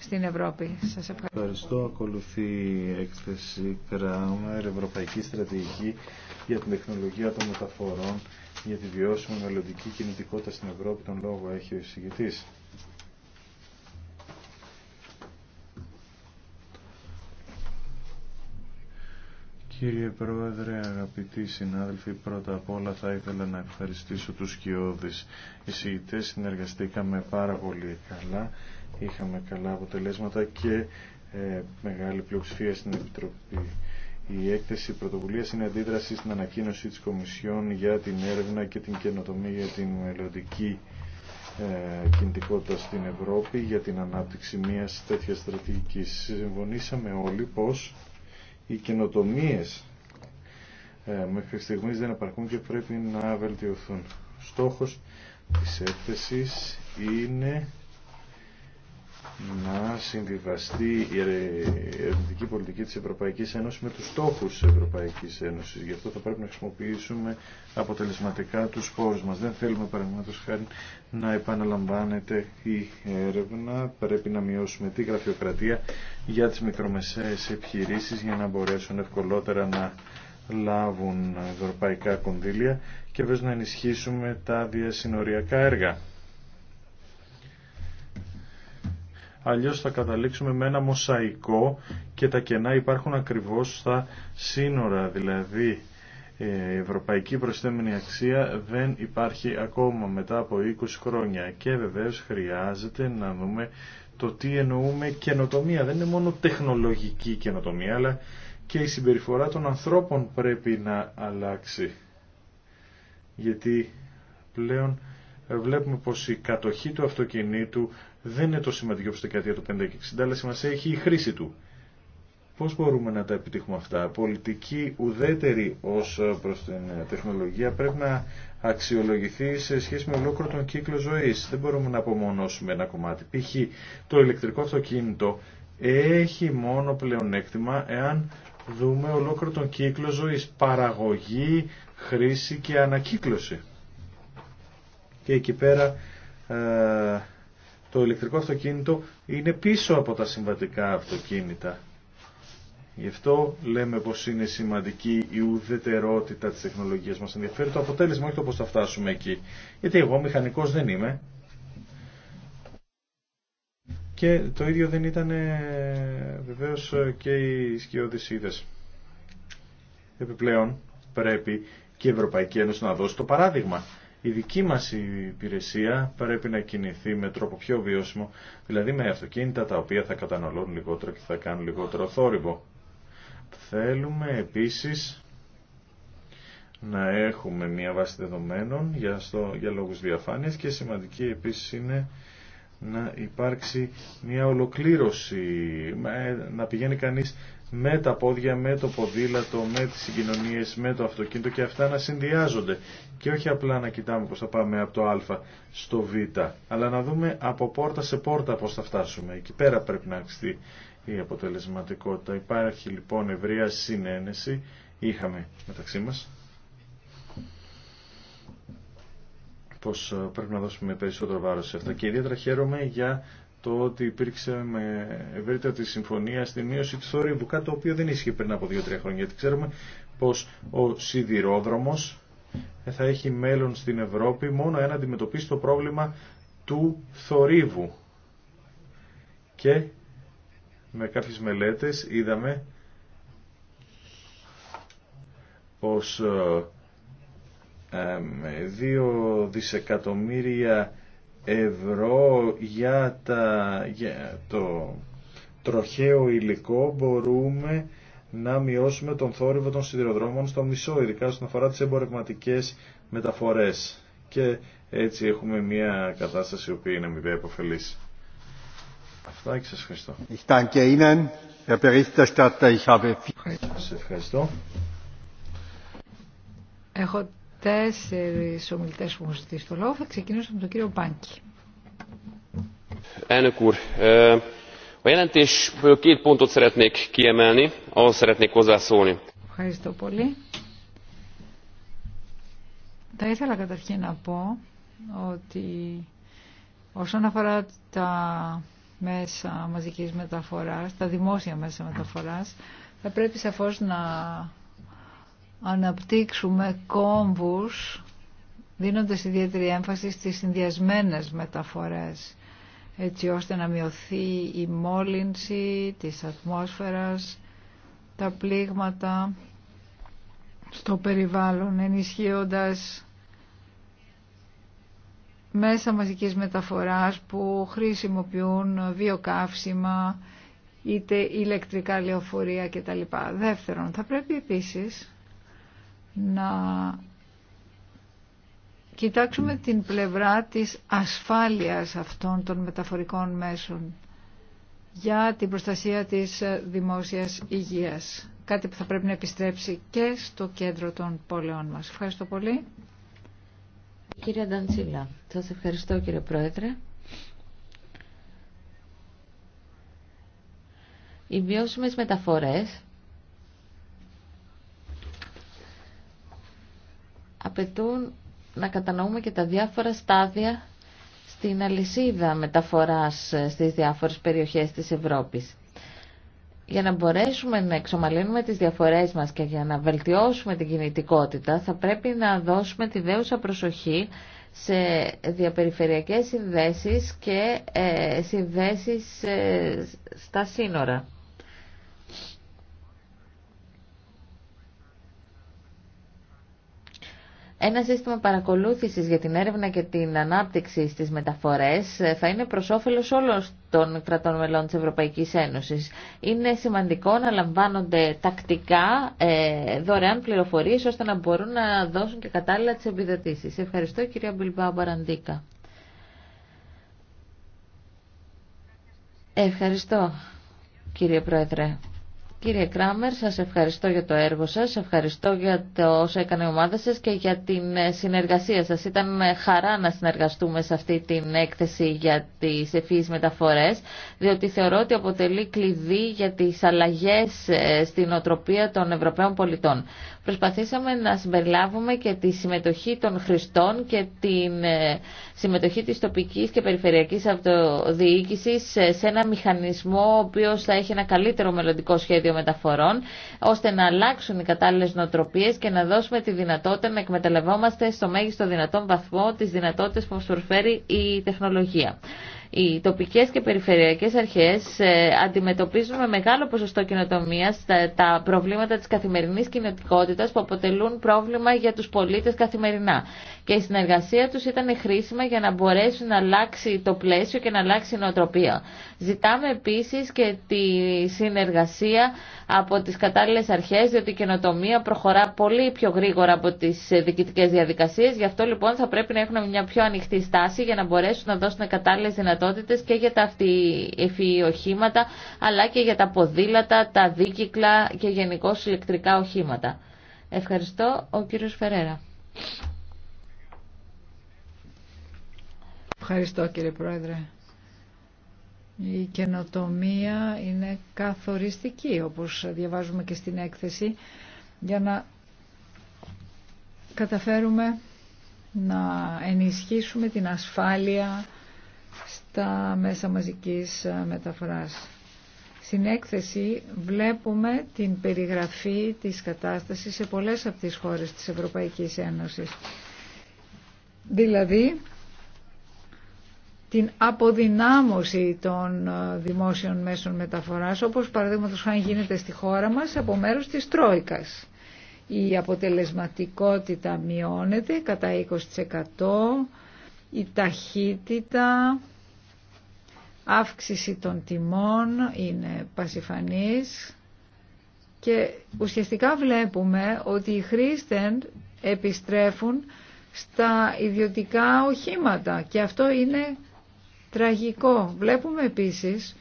στην Ευρώπη. Σας ευχαριστώ. Ευχαριστώ. Ακολουθεί η έκθεση Κράμερ, Ευρωπαϊκή Στρατηγική για την Τεχνολογία των Μεταφορών για τη βιώσιμη μελλοντική κινητικότητα στην Ευρώπη. Τον λόγο έχει ο εισηγητής. Κύριε Πρόεδρε, αγαπητοί συνάδελφοι, πρώτα απ' όλα θα ήθελα να ευχαριστήσω τους σκιώδεις εισηγητές. Συνεργαστήκαμε πάρα πολύ καλά, είχαμε καλά αποτελέσματα και ε, μεγάλη πλειοψηφία στην Επιτροπή. Η έκθεση πρωτοβουλία είναι αντίδραση στην ανακοίνωση της Κομισιόν για την έρευνα και την καινοτομία για την μελλοντική ε, κινητικότητα στην Ευρώπη για την ανάπτυξη μιας τέτοιας στρατηγικής. Συμφωνήσαμε όλοι πως οι καινοτομίε ε, μέχρι στιγμή δεν απαρκούν και πρέπει να βελτιωθούν. Στόχος της έκθεσης είναι να συμβιβαστεί η ερευνητική πολιτική της Ευρωπαϊκής Ένωσης με τους στόχους της Ευρωπαϊκής Ένωσης. Γι' αυτό θα πρέπει να χρησιμοποιήσουμε αποτελεσματικά τους πόρους μας. Δεν θέλουμε παραδείγματο χάρη να επαναλαμβάνεται η έρευνα. Πρέπει να μειώσουμε τη γραφειοκρατία για τις μικρομεσαίες επιχειρήσεις για να μπορέσουν ευκολότερα να λάβουν ευρωπαϊκά κονδύλια και βέβαια να ενισχύσουμε τα διασυνοριακά έργα. αλλιώς θα καταλήξουμε με ένα μοσαϊκό και τα κενά υπάρχουν ακριβώς στα σύνορα, δηλαδή ε, η ευρωπαϊκή προσθέμενη αξία δεν υπάρχει ακόμα μετά από 20 χρόνια και βεβαίως χρειάζεται να δούμε το τι εννοούμε καινοτομία. Δεν είναι μόνο τεχνολογική καινοτομία, αλλά και η συμπεριφορά των ανθρώπων πρέπει να αλλάξει. Γιατί πλέον βλέπουμε πως η κατοχή του αυτοκινήτου δεν είναι το σημαντικό όπως το δεκαετία του 50 και 60, αλλά σημασία έχει η χρήση του. Πώς μπορούμε να τα επιτύχουμε αυτά. Πολιτική ουδέτερη ως ε, προς την ε, τεχνολογία πρέπει να αξιολογηθεί σε σχέση με ολόκληρο τον κύκλο ζωής. Δεν μπορούμε να απομονώσουμε ένα κομμάτι. Π.χ. το ηλεκτρικό αυτοκίνητο έχει μόνο πλεονέκτημα εάν δούμε ολόκληρο τον κύκλο ζωής. Παραγωγή, χρήση και ανακύκλωση. Και εκεί πέρα... Ε, το ηλεκτρικό αυτοκίνητο είναι πίσω από τα συμβατικά αυτοκίνητα. Γι' αυτό λέμε πως είναι σημαντική η ουδετερότητα της τεχνολογίας μας. Ενδιαφέρει το αποτέλεσμα, όχι το πώς θα φτάσουμε εκεί. Γιατί εγώ μηχανικός δεν είμαι. Και το ίδιο δεν ήταν ε, βεβαίως ε, και οι σκιώδησίδες. Επιπλέον πρέπει και η Ευρωπαϊκή Ένωση να δώσει το παράδειγμα η δική μας υπηρεσία πρέπει να κινηθεί με τρόπο πιο βιώσιμο, δηλαδή με αυτοκίνητα τα οποία θα καταναλώνουν λιγότερο και θα κάνουν λιγότερο θόρυβο. Θέλουμε επίσης να έχουμε μια βάση δεδομένων για, στο, για λόγους διαφάνειας και σημαντική επίσης είναι να υπάρξει μια ολοκλήρωση, να πηγαίνει κανείς με τα πόδια, με το ποδήλατο, με τις συγκοινωνίες, με το αυτοκίνητο και αυτά να συνδυάζονται. Και όχι απλά να κοιτάμε πώς θα πάμε από το α στο β, αλλά να δούμε από πόρτα σε πόρτα πώς θα φτάσουμε. Εκεί πέρα πρέπει να αξιστεί η αποτελεσματικότητα. Υπάρχει λοιπόν ευρεία συνένεση, είχαμε μεταξύ μας, πως ε, πρέπει να δώσουμε περισσότερο βάρος σε αυτά. Και ιδιαίτερα χαίρομαι για το ότι υπήρξε με τη συμφωνία στη μείωση του θορύβου, κάτι το οποίο δεν ίσχυε πριν από 2-3 χρόνια, γιατί ξέρουμε πως ο σιδηρόδρομος θα έχει μέλλον στην Ευρώπη μόνο αν αντιμετωπίσει το πρόβλημα του θορύβου. Και με κάποιες μελέτες είδαμε πως ε, 2 ε, δισεκατομμύρια ευρώ για, τα, για το τροχαίο υλικό μπορούμε να μειώσουμε τον θόρυβο των σιδηροδρόμων στο μισό, ειδικά στον αφορά τις εμπορευματικές μεταφορές. Και έτσι έχουμε μια κατάσταση που οποία είναι μηδέα υποφελής. Αυτά και σας ευχαριστώ. ευχαριστώ. Έχω τέσσερις ομιλητές που έχουν ζητήσει το λόγο. Θα ξεκινήσω με τον κύριο Μπάνκι. Elnök úr, a jelentésből két pontot szeretnék kiemelni, ahhoz szeretnék hozzászólni. Ευχαριστώ πολύ. Θα ήθελα καταρχήν να πω ότι όσον αφορά τα μέσα μαζικής μεταφοράς, τα δημόσια μέσα μεταφοράς, θα πρέπει σαφώς να αναπτύξουμε κόμβους δίνοντας ιδιαίτερη έμφαση στις συνδυασμένες μεταφορές έτσι ώστε να μειωθεί η μόλυνση της ατμόσφαιρας, τα πλήγματα στο περιβάλλον ενισχύοντας μέσα μαζικής μεταφοράς που χρησιμοποιούν βιοκαύσιμα είτε ηλεκτρικά λεωφορεία κτλ. Δεύτερον, θα πρέπει επίσης να κοιτάξουμε την πλευρά της ασφάλειας αυτών των μεταφορικών μέσων για την προστασία της δημόσιας υγείας. Κάτι που θα πρέπει να επιστρέψει και στο κέντρο των πόλεων μας. Ευχαριστώ πολύ. Κύριε Νταντσίλα, σας ευχαριστώ κύριε Πρόεδρε. Οι βιώσιμες μεταφορές απαιτούν να κατανοούμε και τα διάφορα στάδια στην αλυσίδα μεταφοράς ε, στις διάφορες περιοχές της Ευρώπης. Για να μπορέσουμε να εξομαλύνουμε τις διαφορές μας και για να βελτιώσουμε την κινητικότητα θα πρέπει να δώσουμε τη δέουσα προσοχή σε διαπεριφερειακές συνδέσεις και ε, συνδέσεις ε, στα σύνορα. Ένα σύστημα παρακολούθησης για την έρευνα και την ανάπτυξη στι μεταφορές ε, θα είναι προ όφελο όλων των κρατών μελών της Ευρωπαϊκής Ένωσης. Είναι σημαντικό να λαμβάνονται τακτικά ε, δωρεάν πληροφορίες ώστε να μπορούν να δώσουν και κατάλληλα τι επιδοτήσει. Ευχαριστώ κυρία Μπιλμπάου Μπαραντίκα. Ευχαριστώ κύριε Πρόεδρε. Κύριε Κράμερ, σας ευχαριστώ για το έργο σας, ευχαριστώ για το όσα έκανε η ομάδα σας και για την ε, συνεργασία σας. Ήταν ε, χαρά να συνεργαστούμε σε αυτή την έκθεση για τις ευφύης μεταφορές, διότι θεωρώ ότι αποτελεί κλειδί για τις αλλαγές ε, στην οτροπία των Ευρωπαίων πολιτών προσπαθήσαμε να συμπεριλάβουμε και τη συμμετοχή των χρηστών και τη ε, συμμετοχή της τοπικής και περιφερειακής αυτοδιοίκησης σε ένα μηχανισμό ο οποίος θα έχει ένα καλύτερο μελλοντικό σχέδιο μεταφορών ώστε να αλλάξουν οι κατάλληλες νοοτροπίες και να δώσουμε τη δυνατότητα να εκμεταλλευόμαστε στο μέγιστο δυνατόν βαθμό τις δυνατότητες που μας προσφέρει η τεχνολογία. Οι τοπικέ και περιφερειακές αρχές ε, αντιμετωπίζουν με μεγάλο ποσοστό κοινοτομία τα προβλήματα τη καθημερινή κοινότικότητα που αποτελούν πρόβλημα για του πολίτε καθημερινά. Και η συνεργασία του ήταν χρήσιμα για να μπορέσουν να αλλάξει το πλαίσιο και να αλλάξει η νοοτροπία. Ζητάμε επίση και τη συνεργασία από τι κατάλληλε αρχέ, διότι η καινοτομία προχωρά πολύ πιο γρήγορα από τι διοικητικές διαδικασίε. Γι' αυτό λοιπόν θα πρέπει να έχουν μια πιο ανοιχτή στάση για να μπορέσουν να δώσουν κατάλληλε και για τα οι οχήματα, αλλά και για τα ποδήλατα, τα δίκυκλα και γενικώ ηλεκτρικά οχήματα. Ευχαριστώ, ο κύριος Φερέρα. Ευχαριστώ κύριε Πρόεδρε. Η καινοτομία είναι καθοριστική, όπως διαβάζουμε και στην έκθεση, για να καταφέρουμε να ενισχύσουμε την ασφάλεια στα μέσα μαζικής ε, μεταφοράς. Στην έκθεση βλέπουμε την περιγραφή της κατάστασης σε πολλές από τις χώρες της Ευρωπαϊκής Ένωσης. Δηλαδή, την αποδυνάμωση των ε, δημόσιων μέσων μεταφοράς, όπως παραδείγματος χάρη γίνεται στη χώρα μας από μέρους της Τρόικας. Η αποτελεσματικότητα μειώνεται κατά 20%, η ταχύτητα αύξηση των τιμών είναι πασιφανής και ουσιαστικά βλέπουμε ότι οι χρήστες επιστρέφουν στα ιδιωτικά οχήματα και αυτό είναι τραγικό. Βλέπουμε επίσης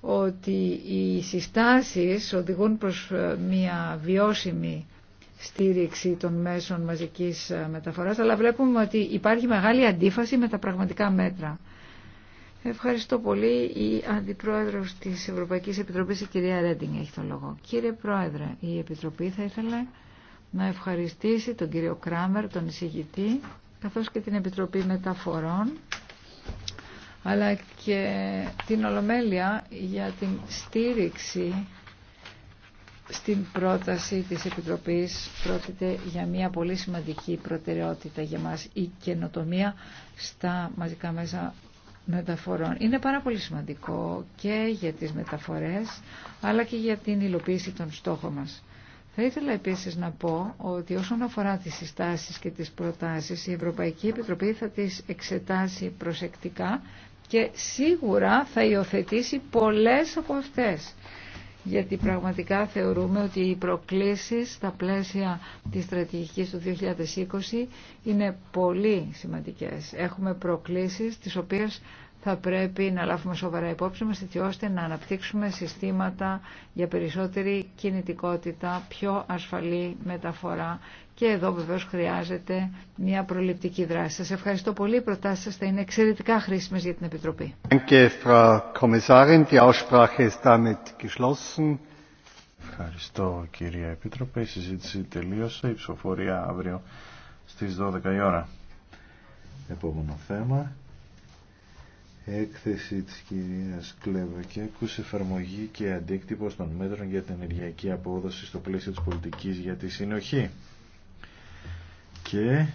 ότι οι συστάσεις οδηγούν προς ε, μια βιώσιμη στήριξη των μέσων μαζικής ε, μεταφοράς, αλλά βλέπουμε ότι υπάρχει μεγάλη αντίφαση με τα πραγματικά μέτρα. Ευχαριστώ πολύ. Η Αντιπρόεδρος της Ευρωπαϊκής Επιτροπής, η κυρία Ρέντινγκ, έχει το λόγο. Κύριε Πρόεδρε, η Επιτροπή θα ήθελε να ευχαριστήσει τον κύριο Κράμερ, τον εισηγητή, καθώς και την Επιτροπή Μεταφορών, αλλά και την Ολομέλεια για την στήριξη στην πρόταση της Επιτροπής πρόκειται για μια πολύ σημαντική προτεραιότητα για μας η καινοτομία στα μαζικά μέσα μεταφορών. Είναι πάρα πολύ σημαντικό και για τις μεταφορές αλλά και για την υλοποίηση των στόχων μας. Θα ήθελα επίσης να πω ότι όσον αφορά τις συστάσεις και τις προτάσεις η Ευρωπαϊκή Επιτροπή θα τις εξετάσει προσεκτικά και σίγουρα θα υιοθετήσει πολλές από αυτές γιατί πραγματικά θεωρούμε ότι οι προκλήσεις στα πλαίσια της στρατηγικής του 2020 είναι πολύ σημαντικές. Έχουμε προκλήσεις τις οποίες θα πρέπει να λάβουμε σοβαρά υπόψη μας έτσι ώστε να αναπτύξουμε συστήματα για περισσότερη κινητικότητα, πιο ασφαλή μεταφορά και εδώ βεβαίως χρειάζεται μια προληπτική δράση. Σας ευχαριστώ πολύ. Οι προτάσεις σας θα είναι εξαιρετικά χρήσιμες για την Επιτροπή. Ευχαριστώ κυρία Επίτροπε. Η συζήτηση τελείωσε. Η ψηφοφορία αύριο στις 12 η ώρα. Επόμενο θέμα. Έκθεση της κυρίας Κλέβα και εφαρμογή και αντίκτυπο των μέτρων για την ενεργειακή απόδοση στο πλαίσιο της πολιτικής για τη συνοχή και